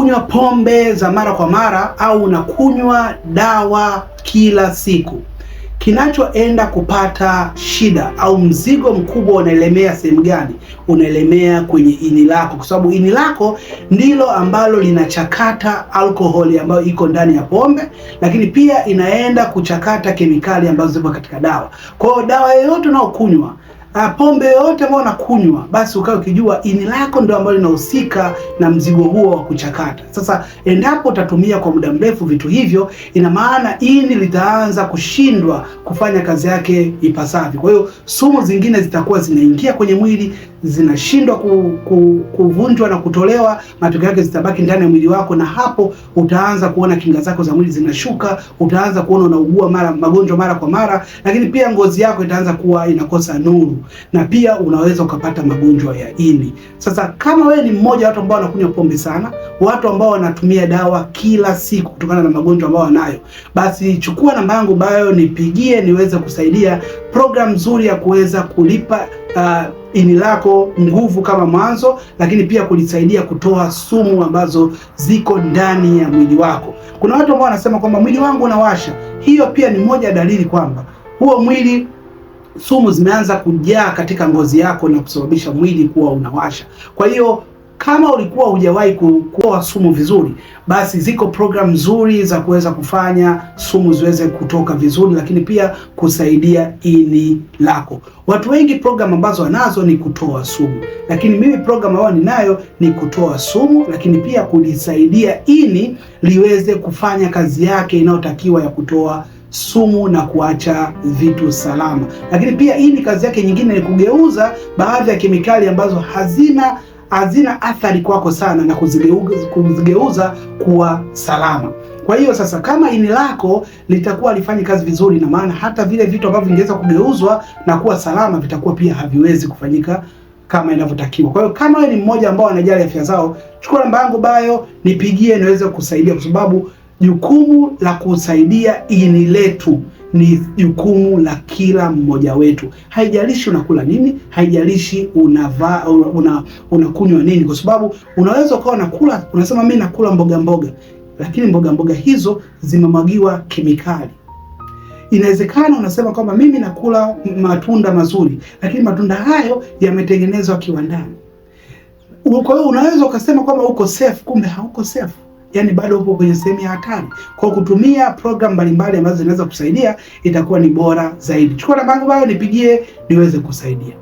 unakunywa pombe za mara kwa mara au unakunywa dawa kila siku, kinachoenda kupata shida au mzigo mkubwa unaelemea sehemu gani? Unaelemea kwenye ini lako, kwa sababu ini lako ndilo ambalo linachakata alkoholi ambayo iko ndani ya pombe, lakini pia inaenda kuchakata kemikali ambazo zipo katika dawa. Kwa hiyo dawa yoyote unaokunywa Ah, pombe yoyote ambayo unakunywa basi ukae ukijua ini lako ndio ambalo linahusika na mzigo huo wa kuchakata. Sasa endapo utatumia kwa muda mrefu vitu hivyo, ina maana ini litaanza kushindwa kufanya kazi yake ipasavyo. Kwa hiyo sumu zingine zitakuwa zinaingia kwenye mwili, zinashindwa ku, ku, kuvunjwa na kutolewa, matokeo yake zitabaki ndani ya mwili wako, na hapo utaanza kuona kinga zako za mwili zinashuka, utaanza kuona unaugua mara magonjwa mara kwa mara, lakini pia ngozi yako itaanza kuwa inakosa nuru na pia unaweza ukapata magonjwa ya ini. Sasa kama wewe ni mmoja watu ambao wanakunywa pombe sana, watu ambao wanatumia dawa kila siku kutokana na magonjwa ambao wanayo, basi chukua namba yangu ambayo nipigie niweze kusaidia programu nzuri ya kuweza kulipa uh, ini lako nguvu kama mwanzo, lakini pia kulisaidia kutoa sumu ambazo ziko ndani ya mwili wako. Kuna watu ambao wanasema kwamba mwili wangu unawasha. Hiyo pia ni moja ya dalili kwamba huo mwili sumu zimeanza kujaa katika ngozi yako na kusababisha mwili kuwa unawasha. Kwa hiyo kama ulikuwa hujawahi kuoa sumu vizuri, basi ziko programu nzuri za kuweza kufanya sumu ziweze kutoka vizuri, lakini pia kusaidia ini lako. Watu wengi programu ambazo wanazo ni kutoa sumu, lakini mimi programu ambayo ninayo ni kutoa sumu, lakini pia kulisaidia ini liweze kufanya kazi yake inayotakiwa ya kutoa sumu na kuacha vitu salama. Lakini pia hii ni kazi yake nyingine, ni kugeuza baadhi ya kemikali ambazo hazina hazina athari kwako sana na kuzigeuza, kuwa salama. Kwa hiyo sasa, kama ini lako litakuwa lifanyi kazi vizuri, na maana hata vile vitu ambavyo vingeweza kugeuzwa na kuwa salama vitakuwa pia haviwezi kufanyika kama inavyotakiwa. Kwa hiyo kama wewe ni mmoja ambao anajali afya zao, chukua namba yangu bayo nipigie niweze kusaidia, kwa sababu Jukumu la kusaidia ini letu ni jukumu la kila mmoja wetu. Haijalishi unakula nini, haijalishi unavaa una, unakunywa nini, kwa sababu unaweza ukawa unakula unasema mimi nakula mboga mboga, lakini mboga mboga hizo zimemwagiwa kemikali. Inawezekana unasema kwamba mimi nakula matunda mazuri, lakini matunda hayo yametengenezwa kiwandani. Kwa hiyo unaweza ukasema kwamba uko safe, kumbe hauko safe yani bado upo kwenye sehemu ya hatari. Kwa kutumia programu mbalimbali ambazo zinaweza kusaidia itakuwa ni bora zaidi. Chukua namba yangu bayo nipigie niweze kusaidia.